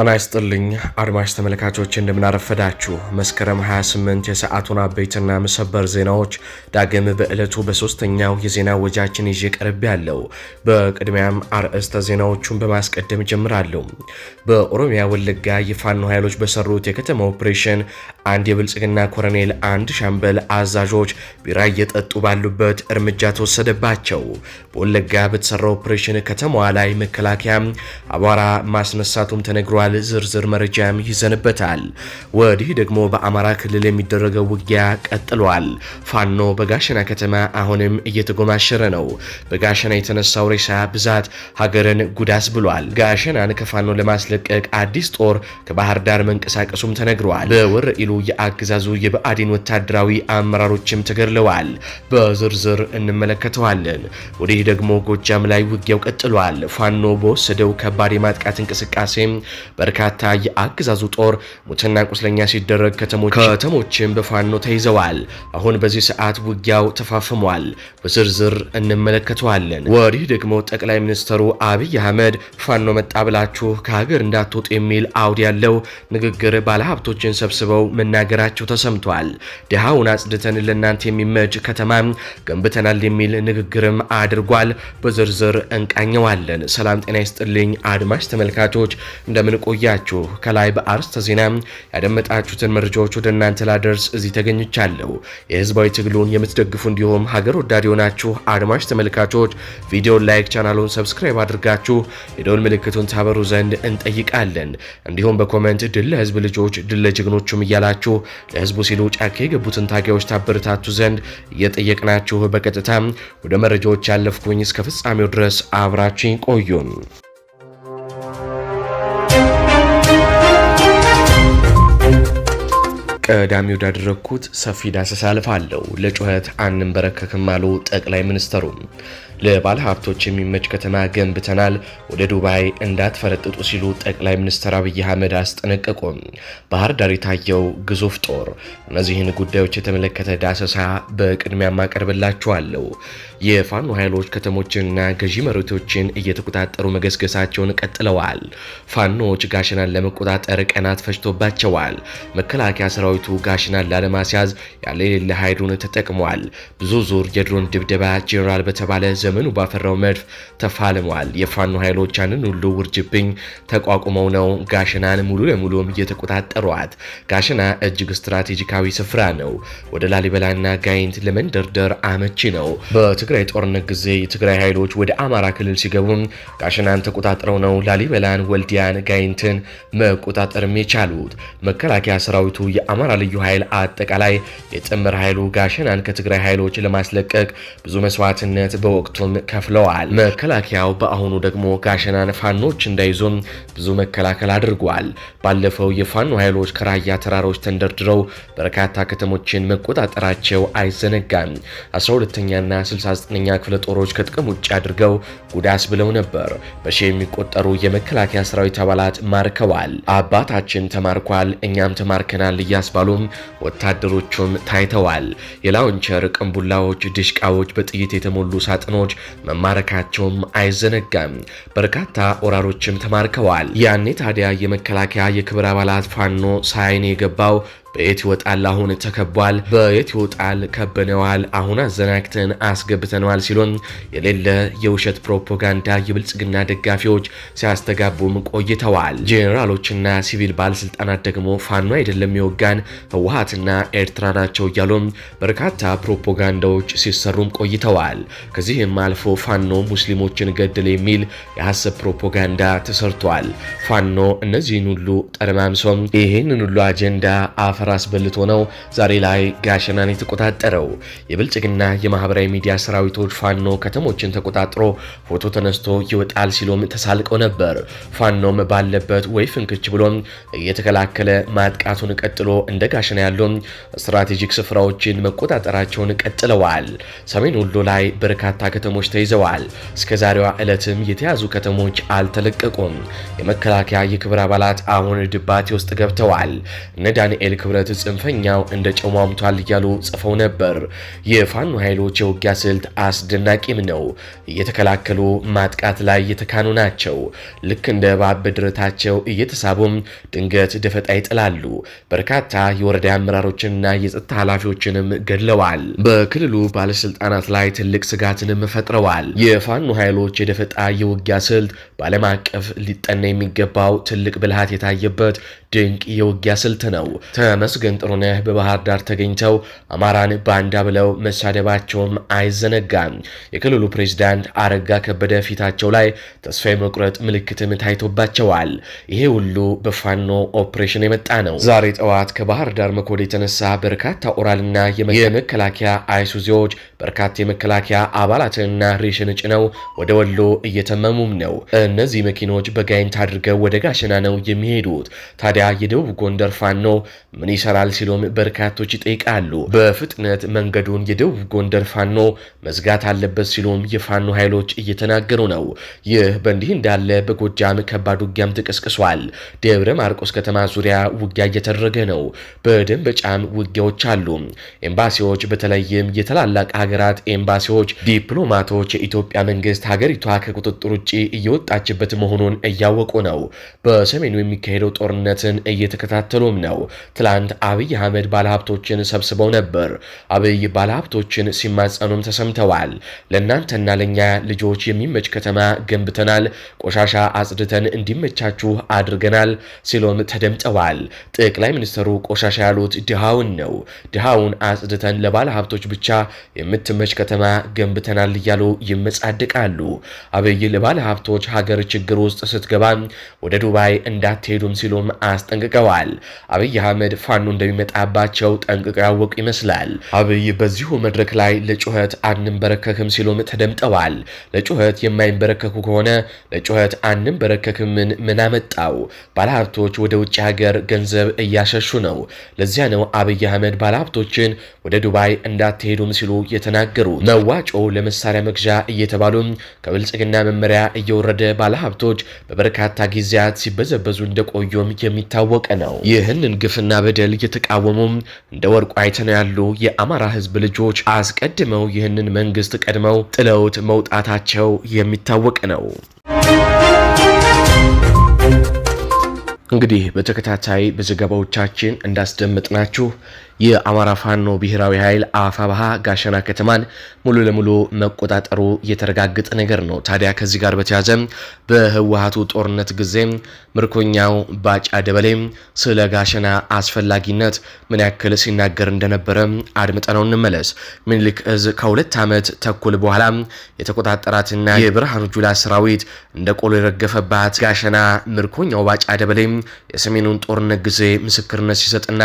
ጤና ይስጥልኝ አድማጭ ተመልካቾች፣ እንደምናረፈዳችሁ መስከረም 28 የሰዓቱን አበይትና መሰበር ዜናዎች ዳግም በዕለቱ በሶስተኛው የዜና ወጃችን ይዤ ቀርቤ ያለው። በቅድሚያም አርዕስተ ዜናዎቹን በማስቀደም ጀምራለሁ። በኦሮሚያ ወለጋ የፋኖ ኃይሎች በሰሩት የከተማ ኦፕሬሽን አንድ የብልጽግና ኮረኔል አንድ ሻምበል አዛዦች ቢራ እየጠጡ ባሉበት እርምጃ ተወሰደባቸው። በወለጋ በተሰራ ኦፕሬሽን ከተማዋ ላይ መከላከያ አቧራ ማስነሳቱም ተነግሯል። ተደርጓል። ዝርዝር መረጃም ይዘንበታል። ወዲህ ደግሞ በአማራ ክልል የሚደረገው ውጊያ ቀጥሏል። ፋኖ በጋሸና ከተማ አሁንም እየተጎማሸረ ነው። በጋሸና የተነሳው ሬሳ ብዛት ሀገርን ጉዳስ ብሏል። ጋሸናን ከፋኖ ለማስለቀቅ አዲስ ጦር ከባህር ዳር መንቀሳቀሱም ተነግሯል። በወረኢሉ የአገዛዙ የብአዴን ወታደራዊ አመራሮችም ተገድለዋል። በዝርዝር እንመለከተዋለን። ወዲህ ደግሞ ጎጃም ላይ ውጊያው ቀጥሏል። ፋኖ በወሰደው ከባድ የማጥቃት እንቅስቃሴም። በርካታ የአገዛዙ ጦር ሙትና ቁስለኛ ሲደረግ ከተሞችን በፋኖ ተይዘዋል። አሁን በዚህ ሰዓት ውጊያው ተፋፍሟል። በዝርዝር እንመለከተዋለን። ወዲህ ደግሞ ጠቅላይ ሚኒስትሩ አብይ አህመድ ፋኖ መጣ ብላችሁ ከሀገር እንዳትወጡ የሚል አውድ ያለው ንግግር ባለሀብቶችን ሰብስበው መናገራቸው ተሰምቷል። ድሃውን አጽድተን ለእናንተ የሚመች ከተማ ገንብተናል የሚል ንግግርም አድርጓል። በዝርዝር እንቃኘዋለን። ሰላም ጤና ይስጥልኝ አድማጭ ተመልካቾች እንደምን ቆያችሁ። ከላይ በአርስተ ዜና ያደመጣችሁትን መረጃዎች ወደ እናንተ ላደርስ እዚህ ተገኝቻለሁ። የህዝባዊ ትግሉን የምትደግፉ እንዲሁም ሀገር ወዳድ የሆናችሁ አድማጭ ተመልካቾች ቪዲዮን ላይክ፣ ቻናሉን ሰብስክራይብ አድርጋችሁ የደውል ምልክቱን ታበሩ ዘንድ እንጠይቃለን። እንዲሁም በኮመንት ድል ለህዝብ ልጆች ድል ለጀግኖቹም እያላችሁ ለህዝቡ ሲሉ ጫካ የገቡትን ታጋዮች ታበረታቱ ዘንድ እየጠየቅናችሁ በቀጥታ ወደ መረጃዎች ያለፍኩኝ እስከ ፍጻሜው ድረስ አብራችኝ ቆዩን። ቀዳሚ ወዳደረግኩት ሰፊ ዳሰሳ አልፋለሁ። ለጩኸት አንንበረከክም አሉ ጠቅላይ ሚኒስትሩ። ለባለ ሀብቶች የሚመች ከተማ ገንብተናል፣ ወደ ዱባይ እንዳትፈረጥጡ ሲሉ ጠቅላይ ሚኒስትር አብይ አህመድ አስጠነቀቁ። ባህር ዳር የታየው ግዙፍ ጦር። እነዚህን ጉዳዮች የተመለከተ ዳሰሳ በቅድሚያ ማቀርብላችኋለሁ። የፋኖ ኃይሎች ከተሞችንና ገዢ መሬቶችን እየተቆጣጠሩ መገስገሳቸውን ቀጥለዋል። ፋኖዎች ጋሽናን ለመቆጣጠር ቀናት ፈጅቶባቸዋል። መከላከያ ሰራዊቱ ጋሽናን ላለማስያዝ ያለ የሌለ ኃይሉን ተጠቅሟል። ብዙ ዙር የድሮን ድብደባ ጄኔራል በተባለ ዘመኑ ባፈራው መድፍ ተፋልመዋል። የፋኖ ኃይሎች ያንን ሁሉ ውርጅብኝ ተቋቁመው ነው ጋሸናን ሙሉ ለሙሉም እየተቆጣጠሯት። ጋሸና እጅግ ስትራቴጂካዊ ስፍራ ነው። ወደ ላሊበላና ጋይንት ለመንደርደር አመቺ ነው። በትግራይ ጦርነት ጊዜ የትግራይ ኃይሎች ወደ አማራ ክልል ሲገቡም ጋሸናን ተቆጣጥረው ነው ላሊበላን፣ ወልዲያን፣ ጋይንትን መቆጣጠርም የቻሉት። መከላከያ ሰራዊቱ የአማራ ልዩ ኃይል አጠቃላይ የጥምር ኃይሉ ጋሸናን ከትግራይ ኃይሎች ለማስለቀቅ ብዙ መስዋዕትነት በወቅቱ ሁለቱን ከፍለዋል። መከላከያው በአሁኑ ደግሞ ጋሸናን ፋኖች እንዳይዞም ብዙ መከላከል አድርጓል። ባለፈው የፋኖ ኃይሎች ከራያ ተራሮች ተንደርድረው በርካታ ከተሞችን መቆጣጠራቸው አይዘነጋም። 12ኛና 69ኛ ክፍለ ጦሮች ከጥቅም ውጭ አድርገው ጉዳስ ብለው ነበር። በሺ የሚቆጠሩ የመከላከያ ሰራዊት አባላት ማርከዋል። አባታችን ተማርኳል፣ እኛም ተማርከናል እያስባሉም ወታደሮቹም ታይተዋል። የላውንቸር ቅንቡላዎች፣ ድሽቃዎች፣ በጥይት የተሞሉ ሳጥኖች ባለሙያዎች መማረካቸውም አይዘነጋም። በርካታ ወራሮችም ተማርከዋል። ያኔ ታዲያ የመከላከያ የክብር አባላት ፋኖ ሳይን የገባው በየት ይወጣል አሁን ተከቧል፣ በየት ይወጣል ከበነዋል፣ አሁን አዘናግተን አስገብተነዋል ሲሉን የሌለ የውሸት ፕሮፓጋንዳ የብልጽግና ደጋፊዎች ሲያስተጋቡም ቆይተዋል። ጄኔራሎችና ሲቪል ባለስልጣናት ደግሞ ፋኖ አይደለም የወጋን ህወሀትና ኤርትራ ናቸው እያሉም በርካታ ፕሮፓጋንዳዎች ሲሰሩም ቆይተዋል። ከዚህም አልፎ ፋኖ ሙስሊሞችን ገድል የሚል የሐሰብ ፕሮፓጋንዳ ተሰርቷል። ፋኖ እነዚህን ሁሉ ጠርማምሶም ይህንን ሁሉ አጀንዳ አፈ ራስ በልቶ ነው ዛሬ ላይ ጋሸናን የተቆጣጠረው። የብልጽግና የማህበራዊ ሚዲያ ሰራዊቶች ፋኖ ከተሞችን ተቆጣጥሮ ፎቶ ተነስቶ ይወጣል ሲሉም ተሳልቀው ነበር። ፋኖም ባለበት ወይ ፍንክች ብሎም እየተከላከለ ማጥቃቱን ቀጥሎ እንደ ጋሸና ያሉ ስትራቴጂክ ስፍራዎችን መቆጣጠራቸውን ቀጥለዋል። ሰሜን ወሎ ላይ በርካታ ከተሞች ተይዘዋል። እስከ ዛሬዋ ዕለትም የተያዙ ከተሞች አልተለቀቁም። የመከላከያ የክብር አባላት አሁን ድባቴ ውስጥ ገብተዋል። እነ ዳንኤል ክብረ ህብረት ጽንፈኛው እንደ ጨው እያሉ ጽፈው ነበር። የፋኖ ኃይሎች የውጊያ ስልት አስደናቂም ነው። እየተከላከሉ ማጥቃት ላይ የተካኑ ናቸው። ልክ እንደ እባብ በድረታቸው እየተሳቡም ድንገት ደፈጣ ይጥላሉ። በርካታ የወረዳ አመራሮችንና የጸጥታ ኃላፊዎችንም ገድለዋል። በክልሉ ባለስልጣናት ላይ ትልቅ ስጋትንም ፈጥረዋል። የፋኖ ኃይሎች የደፈጣ የውጊያ ስልት በዓለም አቀፍ ሊጠና የሚገባው ትልቅ ብልሃት የታየበት ድንቅ የውጊያ ስልት ነው። ተመስገን ጥሩነህ በባህር ዳር ተገኝተው አማራን ባንዳ ብለው መሳደባቸውም አይዘነጋም። የክልሉ ፕሬዚዳንት አረጋ ከበደ ፊታቸው ላይ ተስፋ የመቁረጥ ምልክትም ታይቶባቸዋል። ይሄ ሁሉ በፋኖ ኦፕሬሽን የመጣ ነው። ዛሬ ጠዋት ከባህር ዳር መኮድ የተነሳ በርካታ ኦራልና የመከላከያ አይሱዚዎች በርካታ የመከላከያ አባላትንና ሬሽን ጭነው ወደ ወሎ እየተመሙም ነው። እነዚህ መኪኖች በጋይንት አድርገው ወደ ጋሸና ነው የሚሄዱት። ታዲያ የደቡብ ጎንደር ፋኖ ምን ይሰራል ሲሉም በርካቶች ይጠይቃሉ። በፍጥነት መንገዱን የደቡብ ጎንደር ፋኖ መዝጋት አለበት ሲሉም የፋኖ ኃይሎች እየተናገሩ ነው። ይህ በእንዲህ እንዳለ በጎጃም ከባድ ውጊያም ተቀስቅሷል። ደብረ ማርቆስ ከተማ ዙሪያ ውጊያ እየተደረገ ነው። በደንበጫም ውጊያዎች አሉ። ኤምባሲዎች፣ በተለይም የታላላቅ ሀገራት ኤምባሲዎች፣ ዲፕሎማቶች የኢትዮጵያ መንግስት ሀገሪቷ ከቁጥጥር ውጭ እየወጣችበት መሆኑን እያወቁ ነው። በሰሜኑ የሚካሄደው ጦርነትን እየተከታተሉም ነው። ትላ ትናንት አብይ አህመድ ባለሀብቶችን ሰብስበው ነበር። አብይ ባለሀብቶችን ሲማጸኑም ተሰምተዋል። ለእናንተና ለእኛ ልጆች የሚመች ከተማ ገንብተናል፣ ቆሻሻ አጽድተን እንዲመቻችሁ አድርገናል ሲሉም ተደምጠዋል። ጠቅላይ ሚኒስትሩ ቆሻሻ ያሉት ድሃውን ነው። ድሃውን አጽድተን ለባለሀብቶች ብቻ የምትመች ከተማ ገንብተናል እያሉ ይመጻደቃሉ። አብይ ለባለሀብቶች ሀገር ችግር ውስጥ ስትገባ ወደ ዱባይ እንዳትሄዱም ሲሉም አስጠንቅቀዋል። አብይ አህመድ ፋኖ እንደሚመጣባቸው ጠንቅቀው ያወቁ ይመስላል። አብይ በዚሁ መድረክ ላይ ለጩኸት አንንበረከክም ሲሉም ተደምጠዋል። ለጩኸት የማይንበረከኩ ከሆነ ለጩኸት አንንበረከክምን ምን አመጣው? ባለሀብቶች ወደ ውጭ ሀገር ገንዘብ እያሸሹ ነው። ለዚያ ነው አብይ አህመድ ባለሀብቶችን ወደ ዱባይ እንዳትሄዱም ሲሉ የተናገሩ መዋጮ ለመሳሪያ መግዣ እየተባሉም ከብልጽግና መመሪያ እየወረደ ባለሀብቶች በበርካታ ጊዜያት ሲበዘበዙ እንደቆዩም የሚታወቀ ነው። ይህንን ግፍና በ በደል እየተቃወሙ እንደ ወርቁ አይተነው ያሉ የአማራ ህዝብ ልጆች አስቀድመው ይህንን መንግስት ቀድመው ጥለውት መውጣታቸው የሚታወቅ ነው። እንግዲህ በተከታታይ በዘገባዎቻችን እንዳስደመጥናችሁ የአማራ ፋኖ ብሔራዊ ኃይል አፋባሃ ጋሸና ከተማን ሙሉ ለሙሉ መቆጣጠሩ የተረጋገጠ ነገር ነው። ታዲያ ከዚህ ጋር በተያዘ በህወሀቱ ጦርነት ጊዜ ምርኮኛው ባጫ ደበሌ ስለ ጋሸና አስፈላጊነት ምን ያክል ሲናገር እንደነበረ አድምጠነው እንመለስ። ምኒልክ እዝ ከሁለት ዓመት ተኩል በኋላ የተቆጣጠራትና የብርሃኑ ጁላ ሰራዊት እንደ ቆሎ የረገፈባት ጋሸና ምርኮኛው ባጫ ደበሌ የሰሜኑን ጦርነት ጊዜ ምስክርነት ሲሰጥና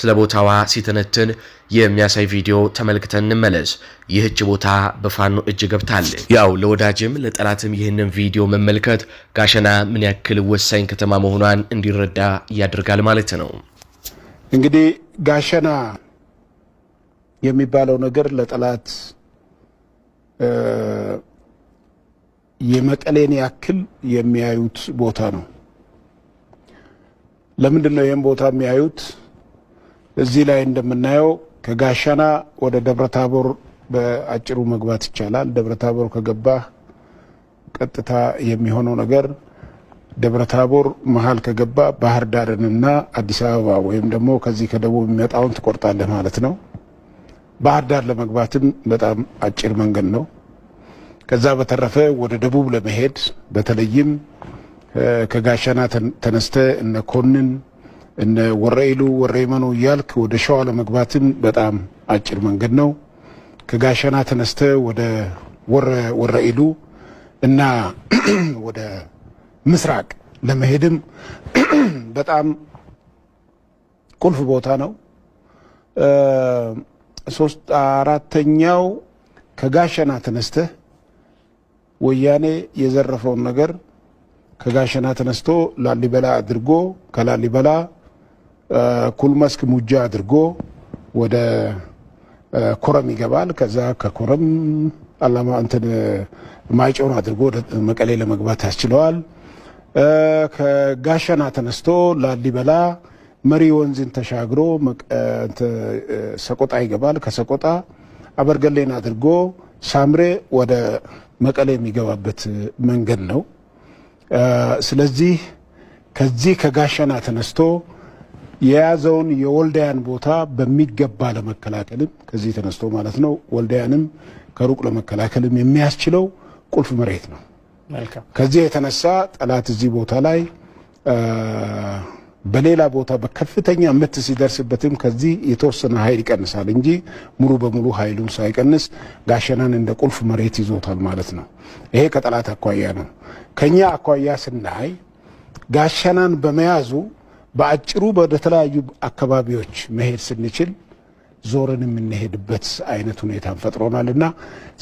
ስለ ቦታዋ ሲተነትን የሚያሳይ ቪዲዮ ተመልክተን እንመለስ። ይህች ቦታ በፋኖ እጅ ገብታለች። ያው ለወዳጅም ለጠላትም ይህንን ቪዲዮ መመልከት ጋሸና ምን ያክል ወሳኝ ከተማ መሆኗን እንዲረዳ ያደርጋል ማለት ነው። እንግዲህ ጋሸና የሚባለው ነገር ለጠላት የመቀሌን ያክል የሚያዩት ቦታ ነው። ለምንድን ነው ይህም ቦታ የሚያዩት? እዚህ ላይ እንደምናየው ከጋሸና ወደ ደብረታቦር በአጭሩ መግባት ይቻላል። ደብረታቦር ከገባ ቀጥታ የሚሆነው ነገር ደብረታቦር መሀል ከገባ ባህር ዳርንና አዲስ አበባ ወይም ደግሞ ከዚህ ከደቡብ የሚመጣውን ትቆርጣለህ ማለት ነው። ባህር ዳር ለመግባትም በጣም አጭር መንገድ ነው። ከዛ በተረፈ ወደ ደቡብ ለመሄድ በተለይም ከጋሻና ተነስተ እነ ኮንን እነ ወረኢሉ ወረይመኑ እያልክ ወደ ሸዋ ለመግባትም በጣም አጭር መንገድ ነው። ከጋሸና ተነስተ ወደ ወረኢሉ እና ወደ ምስራቅ ለመሄድም በጣም ቁልፍ ቦታ ነው። ሶስት አራተኛው ከጋሸና ተነስተ ወያኔ የዘረፈውን ነገር ከጋሸና ተነስቶ ላሊበላ አድርጎ ከላሊበላ ኩልመስክ ሙጃ አድርጎ ወደ ኮረም ይገባል። ከዛ ከኮረም አላማ እንትን ማይጨውን አድርጎ ወደ መቀሌ ለመግባት ያስችለዋል። ከጋሸና ተነስቶ ላሊበላ መሪ ወንዝን ተሻግሮ ሰቆጣ ይገባል። ከሰቆጣ አበርገሌን አድርጎ ሳምሬ ወደ መቀሌ የሚገባበት መንገድ ነው። ስለዚህ ከዚህ ከጋሸና ተነስቶ የያዘውን የወልዳያን ቦታ በሚገባ ለመከላከልም ከዚህ ተነስቶ ማለት ነው ወልዳያንም ከሩቅ ለመከላከልም የሚያስችለው ቁልፍ መሬት ነው። ከዚህ የተነሳ ጠላት እዚህ ቦታ ላይ በሌላ ቦታ በከፍተኛ ምት ሲደርስበትም ከዚህ የተወሰነ ኃይል ይቀንሳል እንጂ ሙሉ በሙሉ ኃይሉን ሳይቀንስ ጋሸናን እንደ ቁልፍ መሬት ይዞታል ማለት ነው። ይሄ ከጠላት አኳያ ነው። ከኛ አኳያ ስናይ ጋሸናን በመያዙ በአጭሩ ወደ ተለያዩ አካባቢዎች መሄድ ስንችል ዞርን የምንሄድበት አይነት ሁኔታ ፈጥሮናል እና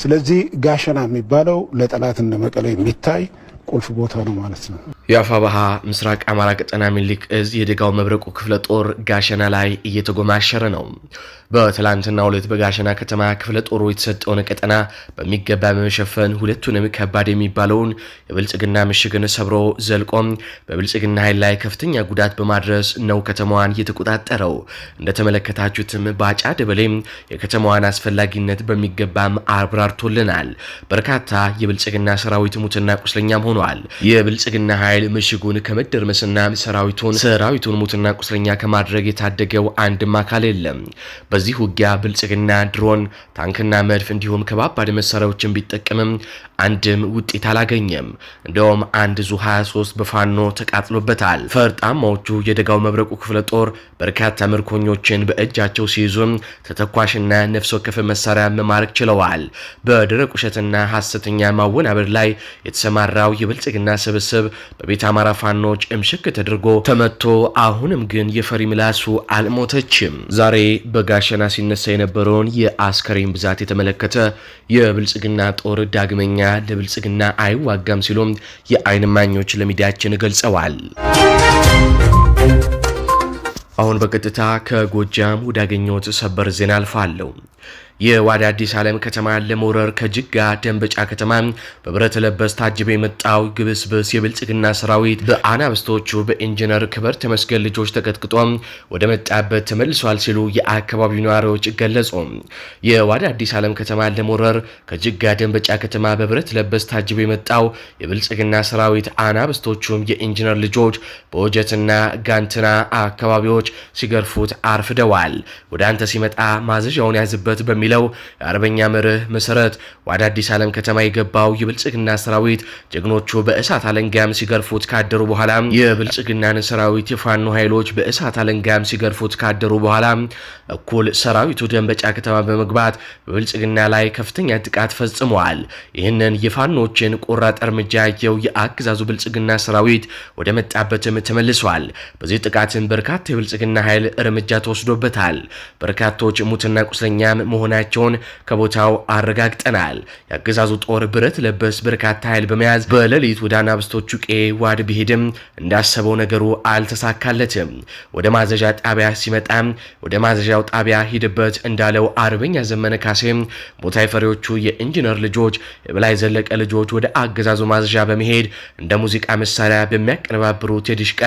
ስለዚህ ጋሸና የሚባለው ለጠላት እንደ መቀለ የሚታይ ቁልፍ ቦታ ነው ማለት ነው። የአፋባሃ ምስራቅ አማራ ቀጠና ሚኒሊክ እዝ የደጋው መብረቁ ክፍለ ጦር ጋሸና ላይ እየተጎማሸረ ነው። በትላንትና ሁለት በጋሸና ከተማ ክፍለ ጦሩ የተሰጠውን ቀጠና በሚገባ በመሸፈን ሁለቱንም ከባድ የሚባለውን የብልጽግና ምሽግን ሰብሮ ዘልቆም በብልጽግና ኃይል ላይ ከፍተኛ ጉዳት በማድረስ ነው ከተማዋን እየተቆጣጠረው እንደተመለከታችሁትም ባጫ ደበሌም የከተማዋን አስፈላጊነት በሚገባም አብራርቶልናል። በርካታ የብልጽግና ሰራዊት ሙትና ቁስለኛም ሆኗል። የብልጽግና ኃይል ኃይል ምሽጉን ከመደርመስና ሰራዊቱን ሰራዊቱን ሙትና ቁስለኛ ከማድረግ የታደገው አንድም አካል የለም። በዚህ ውጊያ ብልጽግና ድሮን፣ ታንክና መድፍ እንዲሁም ከባባድ መሳሪያዎችን ቢጠቀምም አንድም ውጤት አላገኘም። እንደውም አንድ ዙ 23 በፋኖ ተቃጥሎበታል። ፈርጣማዎቹ የደጋው መብረቁ ክፍለ ጦር በርካታ ምርኮኞችን በእጃቸው ሲይዙም ተተኳሽና ነፍስ ወከፍ መሳሪያ መማረክ ችለዋል። በደረቅ ውሸትና ሐሰተኛ ማወናበድ ላይ የተሰማራው የብልጽግና ስብስብ የቤት አማራ ፋኖች እምሽክ ተደርጎ ተመቶ አሁንም ግን የፈሪ ምላሱ አልሞተችም። ዛሬ በጋሸና ሲነሳ የነበረውን የአስከሬን ብዛት የተመለከተ የብልጽግና ጦር ዳግመኛ ለብልጽግና አይዋጋም ሲሉም የአይን ማኞች ለሚዲያችን ገልጸዋል። አሁን በቀጥታ ከጎጃም ወዳገኘሁት ሰበር ዜና አልፋለሁ። የዋዳ አዲስ ዓለም ከተማን ለመውረር ከጅጋ ደንበጫ ከተማ በብረት ለበስ ታጅበ የመጣው ግብስብስ የብልጽግና ሰራዊት በአናብስቶቹ በኢንጂነር ክበር ተመስገን ልጆች ተቀጥቅጦ ወደ መጣበት ተመልሷል ሲሉ የአካባቢው ነዋሪዎች ገለጹ። የዋዳ አዲስ ዓለም ከተማን ለመውረር ከጅጋ ደንበጫ ከተማ በብረት ለበስ ታጅበ የመጣው የብልጽግና ሰራዊት አናብስቶቹም የኢንጂነር ልጆች በወጀትና ጋንትና አካባቢዎች ሲገርፉት አርፍደዋል። ወደ አንተ ሲመጣ ማዘዣውን ያዝበት በሚል በሚለው የአርበኛ መርህ መሰረት ወደ አዲስ ዓለም ከተማ የገባው የብልጽግና ሰራዊት ጀግኖቹ በእሳት አለንጋም ሲገርፉት ካደሩ በኋላ የብልጽግናን ሰራዊት የፋኖ ኃይሎች በእሳት አለንጋም ሲገርፉት ካደሩ በኋላ እኩል ሰራዊቱ ደንበጫ ከተማ በመግባት በብልጽግና ላይ ከፍተኛ ጥቃት ፈጽመዋል። ይህንን የፋኖችን ቆራጥ እርምጃ ያየው የአገዛዙ ብልጽግና ሰራዊት ወደ መጣበትም ተመልሷል። በዚህ ጥቃትም በርካታ የብልጽግና ኃይል እርምጃ ተወስዶበታል። በርካቶች ሙትና ቁስለኛም መሆና መሆናቸውን ከቦታው አረጋግጠናል። የአገዛዙ ጦር ብረት ለበስ በርካታ ኃይል በመያዝ በሌሊት ወደ አናብስቶቹ ቄ ዋድ ቢሄድም እንዳሰበው ነገሩ አልተሳካለትም። ወደ ማዘዣ ጣቢያ ሲመጣም ወደ ማዘዣው ጣቢያ ሂድበት እንዳለው አርበኛ ዘመነ ካሴም ቦታ የፈሪዎቹ የኢንጂነር ልጆች የበላይ ዘለቀ ልጆች ወደ አገዛዙ ማዘዣ በመሄድ እንደ ሙዚቃ መሳሪያ በሚያቀነባብሩት የዲሽቃ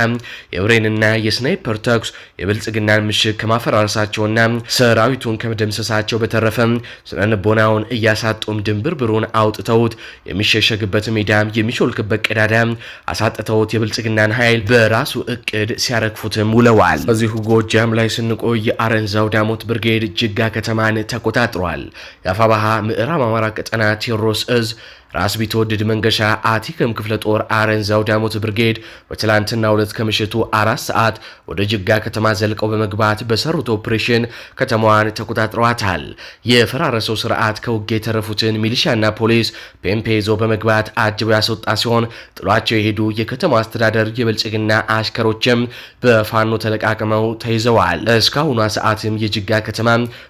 የብሬንና የስናይፐር ተኩስ የብልጽግናን ምሽግ ከማፈራረሳቸውና ሰራዊቱን ከመደምሰሳቸው በተ ስነ ስነልቦናውን እያሳጡም ድንብርብሩን አውጥተውት የሚሸሸግበት ሜዳም የሚሾልክበት ቀዳዳም አሳጥተውት የብልጽግናን ኃይል በራሱ እቅድ ሲያረግፉትም ውለዋል። በዚሁ ጎጃም ላይ ስንቆይ አረንዛው ዳሞት ብርጌድ ጅጋ ከተማን ተቆጣጥሯል። የአፋባሃ ምዕራብ አማራ ቀጠና ቴዎድሮስ እዝ ራስ ቢትወደድ መንገሻ አቲከም ክፍለ ጦር አረንዛው ዳሞት ብርጌድ በትላንትና ሁለት ከምሽቱ አራት ሰዓት ወደ ጅጋ ከተማ ዘልቀው በመግባት በሰሩት ኦፕሬሽን ከተማዋን ተቆጣጥረዋታል። የፈራረሰው ስርዓት ከውጌ የተረፉትን ሚሊሻና ፖሊስ ፔምፔ ይዞ በመግባት አጅበው ያስወጣ ሲሆን ጥሏቸው የሄዱ የከተማ አስተዳደር የብልጽግና አሽከሮችም በፋኖ ተለቃቅመው ተይዘዋል። እስካሁኗ ሰዓትም የጅጋ ከተማ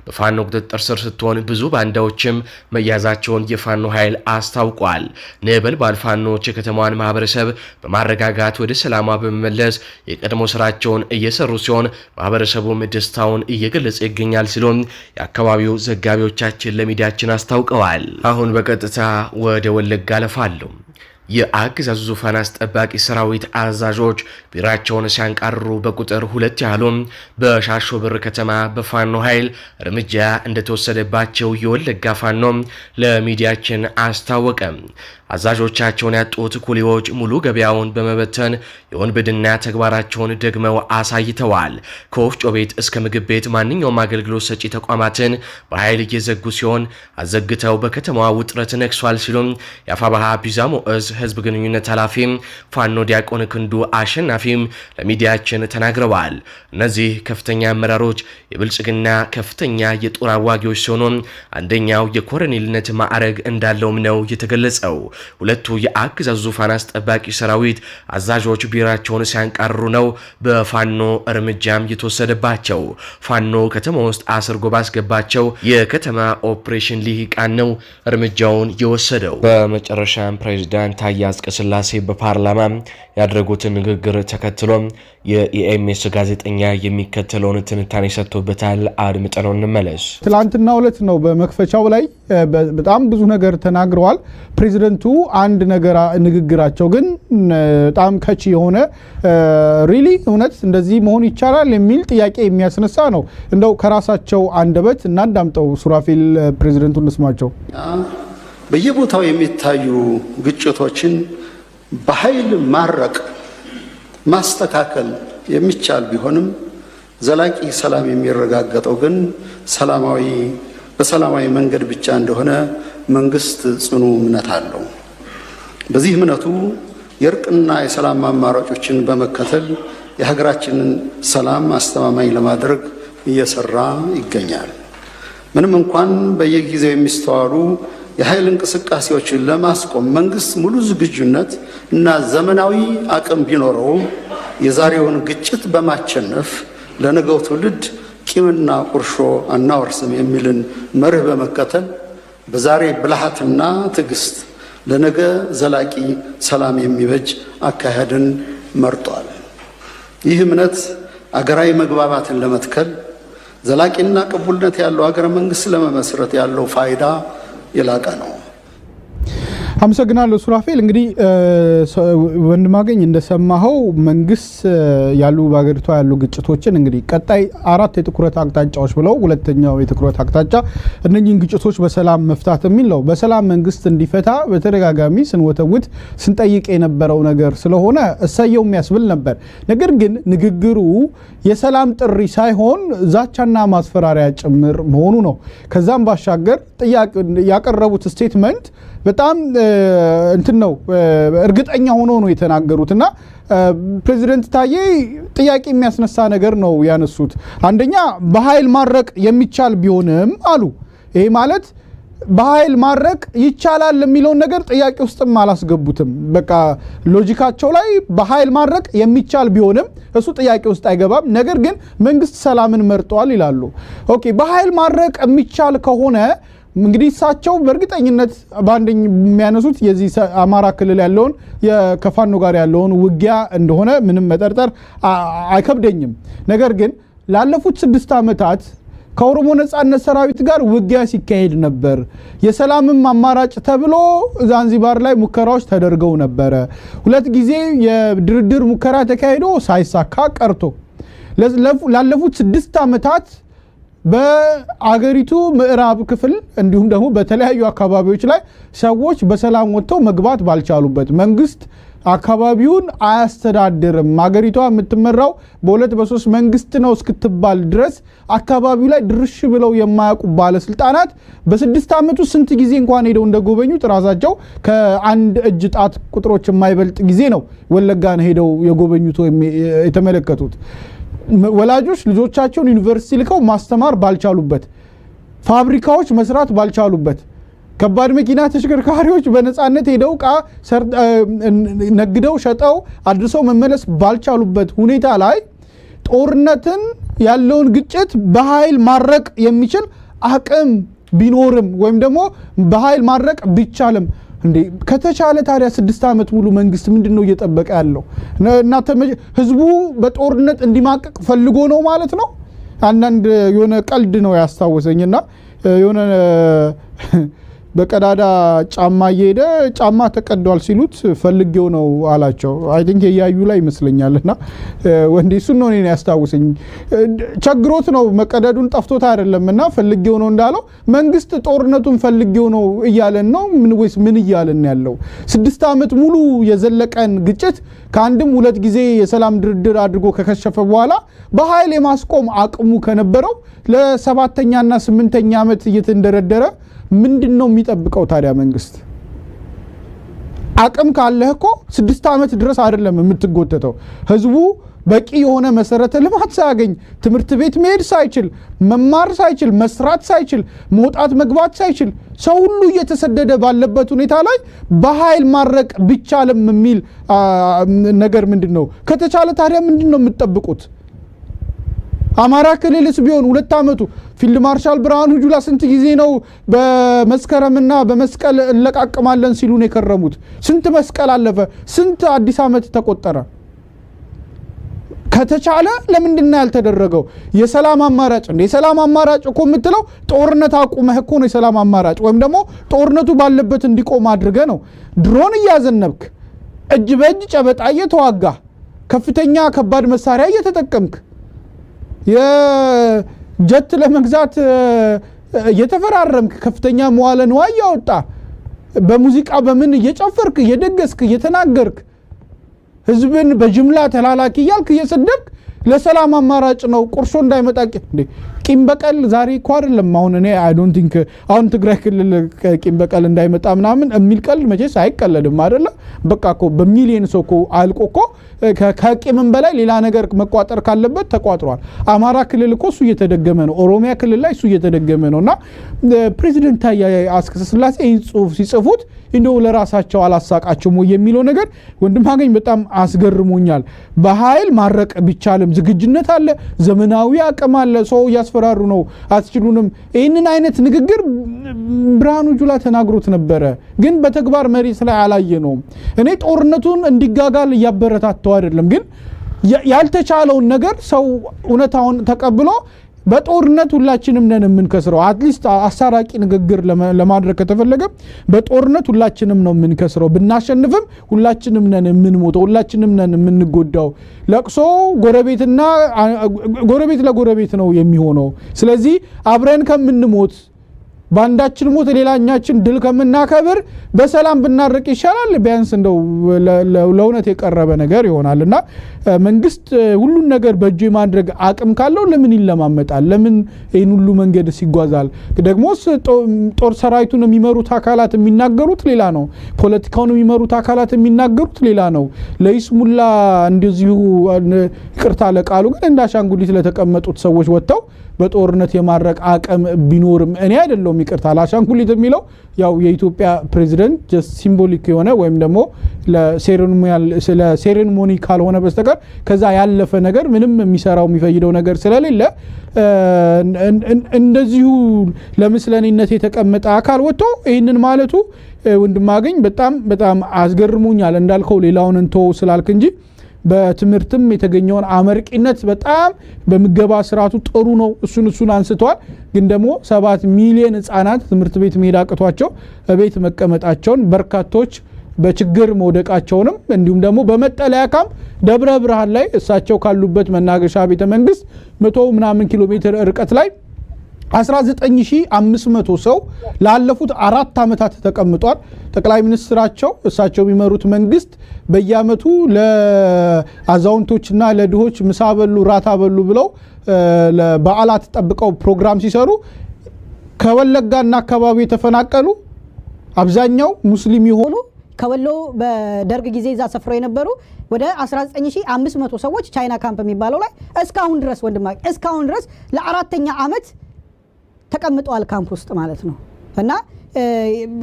በፋኖ ቁጥጥር ስር ስትሆን ብዙ ባንዳዎችም መያዛቸውን የፋኖ ኃይል አስታውቋል። ታውቋል። ነበልባል ፋኖች የከተማዋን ማህበረሰብ በማረጋጋት ወደ ሰላሟ በመመለስ የቀድሞ ስራቸውን እየሰሩ ሲሆን ማህበረሰቡም ደስታውን እየገለጸ ይገኛል ሲሉም የአካባቢው ዘጋቢዎቻችን ለሚዲያችን አስታውቀዋል። አሁን በቀጥታ ወደ ወለጋ አለፋለሁ። የአገዛዙ ዙፋን አስጠባቂ ሰራዊት አዛዦች ቢራቸውን ሲያንቃርሩ በቁጥር ሁለት ያህሉም በሻሾ ብር ከተማ በፋኖ ኃይል እርምጃ እንደተወሰደባቸው የወለጋ ፋኖ ለሚዲያችን አስታወቀ። አዛዦቻቸውን ያጡት ኩሊዎች ሙሉ ገበያውን በመበተን የወንብድና ተግባራቸውን ደግመው አሳይተዋል። ከወፍጮ ቤት እስከ ምግብ ቤት ማንኛውም አገልግሎት ሰጪ ተቋማትን በኃይል እየዘጉ ሲሆን አዘግተው በከተማዋ ውጥረት ነግሷል ሲሉም የአፋባሃ ቢዛሞ እዝ ህዝብ ግንኙነት ኃላፊም ፋኖ ዲያቆን ክንዱ አሸናፊም ለሚዲያችን ተናግረዋል። እነዚህ ከፍተኛ አመራሮች የብልጽግና ከፍተኛ የጦር አዋጊዎች ሲሆኑ አንደኛው የኮረኔልነት ማዕረግ እንዳለውም ነው የተገለጸው። ሁለቱ የአገዛዙ ዙፋን አስጠባቂ ሰራዊት አዛዦች ቢራቸውን ሲያንቃሩ ነው በፋኖ እርምጃም የተወሰደባቸው። ፋኖ ከተማ ውስጥ አስርጎ ባስገባቸው የከተማ ኦፕሬሽን ሊሂቃን ነው እርምጃውን የወሰደው። በመጨረሻም ፕሬዚዳንት ታዬ አጽቀሥላሴ በፓርላማ ያደረጉትን ንግግር ተከትሎ የኢኤምኤስ ጋዜጠኛ የሚከተለውን ትንታኔ ሰጥቶበታል። አድምጠነው እንመለስ። ትላንትና ሁለት ነው በመክፈቻው ላይ በጣም ብዙ ነገር ተናግረዋል ፕሬዚደንቱ አንድ ነገር ንግግራቸው ግን በጣም ከቺ የሆነ ሪሊ እውነት እንደዚህ መሆን ይቻላል የሚል ጥያቄ የሚያስነሳ ነው። እንደው ከራሳቸው አንደበት እናዳምጠው። ሱራፌል ፕሬዚደንቱ እንስማቸው። በየቦታው የሚታዩ ግጭቶችን በኃይል ማረቅ ማስተካከል የሚቻል ቢሆንም ዘላቂ ሰላም የሚረጋገጠው ግን ሰላማዊ በሰላማዊ መንገድ ብቻ እንደሆነ መንግስት ጽኑ እምነት አለው። በዚህ እምነቱ የእርቅና የሰላም አማራጮችን በመከተል የሀገራችንን ሰላም አስተማማኝ ለማድረግ እየሰራ ይገኛል። ምንም እንኳን በየጊዜው የሚስተዋሉ የኃይል እንቅስቃሴዎችን ለማስቆም መንግስት ሙሉ ዝግጁነት እና ዘመናዊ አቅም ቢኖረውም የዛሬውን ግጭት በማቸነፍ ለነገው ትውልድ ቂምና ቁርሾ አናወርስም የሚልን መርህ በመከተል በዛሬ ብልሃትና ትዕግስት ለነገ ዘላቂ ሰላም የሚበጅ አካሄድን መርጧል። ይህ እምነት አገራዊ መግባባትን ለመትከል ዘላቂና ቅቡልነት ያለው ሀገረ መንግስት ለመመስረት ያለው ፋይዳ የላቀ ነው። አመሰግናለሁ ሱራፌል። እንግዲህ ወንድማገኝ እንደሰማኸው መንግስት ያሉ በሀገሪቷ ያሉ ግጭቶችን እንግዲህ ቀጣይ አራት የትኩረት አቅጣጫዎች ብለው ሁለተኛው የትኩረት አቅጣጫ እነኚህን ግጭቶች በሰላም መፍታት የሚል ነው። በሰላም መንግስት እንዲፈታ በተደጋጋሚ ስንወተውት ስንጠይቅ የነበረው ነገር ስለሆነ እሰየው የሚያስብል ነበር። ነገር ግን ንግግሩ የሰላም ጥሪ ሳይሆን ዛቻና ማስፈራሪያ ጭምር መሆኑ ነው። ከዛም ባሻገር ያቀረቡት ስቴትመንት በጣም እንትን ነው እርግጠኛ ሆኖ ነው የተናገሩት እና ፕሬዚደንት ታዬ ጥያቄ የሚያስነሳ ነገር ነው ያነሱት። አንደኛ በኃይል ማድረቅ የሚቻል ቢሆንም አሉ። ይሄ ማለት በኃይል ማድረቅ ይቻላል የሚለውን ነገር ጥያቄ ውስጥም አላስገቡትም። በቃ ሎጂካቸው ላይ በኃይል ማድረቅ የሚቻል ቢሆንም እሱ ጥያቄ ውስጥ አይገባም። ነገር ግን መንግስት ሰላምን መርጠዋል ይላሉ። ኦኬ በኃይል ማድረቅ የሚቻል ከሆነ እንግዲህ እሳቸው በእርግጠኝነት በአንደኝ የሚያነሱት የዚህ አማራ ክልል ያለውን ከፋኖ ጋር ያለውን ውጊያ እንደሆነ ምንም መጠርጠር አይከብደኝም። ነገር ግን ላለፉት ስድስት ዓመታት ከኦሮሞ ነጻነት ሰራዊት ጋር ውጊያ ሲካሄድ ነበር። የሰላምም አማራጭ ተብሎ ዛንዚባር ላይ ሙከራዎች ተደርገው ነበረ። ሁለት ጊዜ የድርድር ሙከራ ተካሂዶ ሳይሳካ ቀርቶ ላለፉት ስድስት ዓመታት በአገሪቱ ምዕራብ ክፍል እንዲሁም ደግሞ በተለያዩ አካባቢዎች ላይ ሰዎች በሰላም ወጥተው መግባት ባልቻሉበት መንግስት አካባቢውን አያስተዳድርም። አገሪቷ የምትመራው በሁለት በሶስት መንግስት ነው እስክትባል ድረስ አካባቢው ላይ ድርሽ ብለው የማያውቁ ባለስልጣናት በስድስት ዓመቱ ስንት ጊዜ እንኳን ሄደው እንደጎበኙት ራሳቸው ከአንድ እጅ ጣት ቁጥሮች የማይበልጥ ጊዜ ነው ወለጋን ሄደው የጎበኙት ወይም የተመለከቱት። ወላጆች ልጆቻቸውን ዩኒቨርሲቲ ልከው ማስተማር ባልቻሉበት፣ ፋብሪካዎች መስራት ባልቻሉበት፣ ከባድ መኪና ተሽከርካሪዎች በነፃነት ሄደው እቃ ነግደው ሸጠው አድርሰው መመለስ ባልቻሉበት ሁኔታ ላይ ጦርነትን ያለውን ግጭት በኃይል ማድረቅ የሚችል አቅም ቢኖርም ወይም ደግሞ በኃይል ማድረቅ ቢቻልም እንዴ ከተቻለ ታዲያ ስድስት ዓመት ሙሉ መንግስት ምንድን ነው እየጠበቀ ያለው? እና ህዝቡ በጦርነት እንዲማቀቅ ፈልጎ ነው ማለት ነው። አንዳንድ የሆነ ቀልድ ነው ያስታወሰኝና የሆነ በቀዳዳ ጫማ እየሄደ ጫማ ተቀዷል ሲሉት ፈልጌው ነው አላቸው። አይ ቲንክ የያዩ ላይ ይመስለኛል። እና ወንዴ እሱን ነው እኔን ያስታውሰኝ። ቸግሮት ነው መቀደዱን ጠፍቶት አይደለም። እና ፈልጌው ነው እንዳለው መንግስት ጦርነቱን ፈልጌው ነው እያለን ነው ምን ወይስ ምን እያለን ያለው? ስድስት ዓመት ሙሉ የዘለቀን ግጭት ከአንድም ሁለት ጊዜ የሰላም ድርድር አድርጎ ከከሸፈ በኋላ በኃይል የማስቆም አቅሙ ከነበረው ለሰባተኛና ስምንተኛ ዓመት እየተንደረደረ ምንድን ነው የሚጠብቀው ታዲያ መንግስት? አቅም ካለህ እኮ ስድስት ዓመት ድረስ አይደለም የምትጎተተው። ህዝቡ በቂ የሆነ መሰረተ ልማት ሳያገኝ ትምህርት ቤት መሄድ ሳይችል መማር ሳይችል መስራት ሳይችል መውጣት መግባት ሳይችል ሰው ሁሉ እየተሰደደ ባለበት ሁኔታ ላይ በኃይል ማድረቅ ቢቻልም የሚል ነገር ምንድን ነው? ከተቻለ ታዲያ ምንድን ነው የምትጠብቁት? አማራ ክልልስ ቢሆን ሁለት ዓመቱ ፊልድ ማርሻል ብርሃኑ ጁላ ስንት ጊዜ ነው በመስከረምና በመስቀል እንለቃቅማለን ሲሉ ነው የከረሙት? ስንት መስቀል አለፈ? ስንት አዲስ ዓመት ተቆጠረ? ከተቻለ ለምንድን ያልተደረገው? የሰላም አማራጭ እንደ የሰላም አማራጭ እኮ የምትለው ጦርነት አቁመህ እኮ ነው የሰላም አማራጭ፣ ወይም ደግሞ ጦርነቱ ባለበት እንዲቆም አድርገ ነው። ድሮን እያዘነብክ እጅ በእጅ ጨበጣ እየተዋጋ ከፍተኛ ከባድ መሳሪያ እየተጠቀምክ የጀት ለመግዛት እየተፈራረምክ ከፍተኛ መዋለ ንዋይ እያወጣ በሙዚቃ በምን እየጨፈርክ እየደገስክ እየተናገርክ ህዝብን በጅምላ ተላላኪ እያልክ እየሰደብክ ለሰላም አማራጭ ነው ቁርሶ እንዳይመጣ ቂም በቀል ዛሬ እኮ አይደለም። አሁን እኔ አይ ዶንት ቲንክ አሁን ትግራይ ክልል ቂም በቀል እንዳይመጣ ምናምን የሚል ቀልድ መቼስ አይቀለድም አይደለ? በቃ እኮ በሚሊየን ሰው እኮ አልቆ እኮ ከቂምም በላይ ሌላ ነገር መቋጠር ካለበት ተቋጥሯል። አማራ ክልል እኮ እሱ እየተደገመ ነው። ኦሮሚያ ክልል ላይ እሱ እየተደገመ ነው እና ፕሬዚደንት ታዬ አጽቀሥላሴ ይህን ጽሁፍ ሲጽፉት እንደው ለራሳቸው አላሳቃቸውም ወይ የሚለው ነገር ወንድም ወንድማገኝ በጣም አስገርሞኛል። በኃይል ማረቅ ቢቻልም ዝግጅነት አለ፣ ዘመናዊ አቅም አለ ሰው እያስፈራሩ ነው፣ አስችሉንም። ይህንን አይነት ንግግር ብርሃኑ ጁላ ተናግሮት ነበረ፣ ግን በተግባር መሬት ላይ አላየ ነውም። እኔ ጦርነቱን እንዲጋጋል እያበረታተው አይደለም፣ ግን ያልተቻለውን ነገር ሰው እውነታውን ተቀብሎ በጦርነት ሁላችንም ነን የምንከስረው። አትሊስት አሳራቂ ንግግር ለማድረግ ከተፈለገ በጦርነት ሁላችንም ነው የምንከስረው። ብናሸንፍም ሁላችንም ነን የምንሞተው፣ ሁላችንም ነን የምንጎዳው። ለቅሶ ጎረቤትና ጎረቤት ለጎረቤት ነው የሚሆነው። ስለዚህ አብረን ከምንሞት በአንዳችን ሞት ሌላኛችን ድል ከምናከብር በሰላም ብናርቅ ይሻላል። ቢያንስ እንደው ለእውነት የቀረበ ነገር ይሆናል እና መንግስት ሁሉን ነገር በእጁ የማድረግ አቅም ካለው ለምን ይለማመጣል? ለምን ይህን ሁሉ መንገድ ሲጓዛል? ደግሞ ጦር ሰራዊቱን የሚመሩት አካላት የሚናገሩት ሌላ ነው። ፖለቲካውን የሚመሩት አካላት የሚናገሩት ሌላ ነው። ለይስሙላ እንደዚሁ ይቅርታ ለቃሉ ግን እንደ አሻንጉሊት ለተቀመጡት ሰዎች ወጥተው በጦርነት የማድረግ አቅም ቢኖርም እኔ አይደለውም ይቅርታ አሻንጉሊት የሚለው ያው የኢትዮጵያ ፕሬዚደንት ሲምቦሊክ የሆነ ወይም ደግሞ ለሴሬሞኒ ካልሆነ በስተቀር ከዛ ያለፈ ነገር ምንም የሚሰራው የሚፈይደው ነገር ስለሌለ እንደዚሁ ለምስለኔነት የተቀመጠ አካል ወጥቶ ይህንን ማለቱ ወንድማገኝ በጣም በጣም አስገርሞኛል። እንዳልከው ሌላውን እንቶ ስላልክ እንጂ በትምህርትም የተገኘውን አመርቂነት በጣም በምገባ ስርዓቱ ጥሩ ነው። እሱን እሱን አንስተዋል። ግን ደግሞ ሰባት ሚሊዮን ህጻናት ትምህርት ቤት መሄድ አቅቷቸው ቤት መቀመጣቸውን በርካቶች በችግር መውደቃቸውንም እንዲሁም ደግሞ በመጠለያ ካምፕ ደብረ ብርሃን ላይ እሳቸው ካሉበት መናገሻ ቤተ መንግስት መቶ ምናምን ኪሎ ሜትር ርቀት ላይ 19500 ሰው ላለፉት አራት ዓመታት ተቀምጧል። ጠቅላይ ሚኒስትራቸው እሳቸው የሚመሩት መንግስት በየዓመቱ ለአዛውንቶችና ለድሆች ምሳ በሉ ራታ በሉ ብለው በዓላት ጠብቀው ፕሮግራም ሲሰሩ ከወለጋና አካባቢ የተፈናቀሉ አብዛኛው ሙስሊም የሆኑ ከወሎ በደርግ ጊዜ እዛ ሰፍረው የነበሩ ወደ 19500 ሰዎች ቻይና ካምፕ የሚባለው ላይ እስካሁን ድረስ ወንድማ እስካሁን ድረስ ለአራተኛ ዓመት ተቀምጠዋል ካምፕ ውስጥ ማለት ነው እና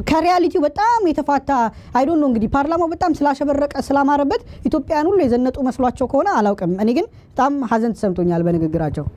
ከሪያሊቲው በጣም የተፋታ አይዶ ነው እንግዲህ ፓርላማው በጣም ስላሸበረቀ ስላማረበት ኢትዮጵያን ሁሉ የዘነጡ መስሏቸው ከሆነ አላውቅም። እኔ ግን በጣም ሀዘን ተሰምቶኛል በንግግራቸው።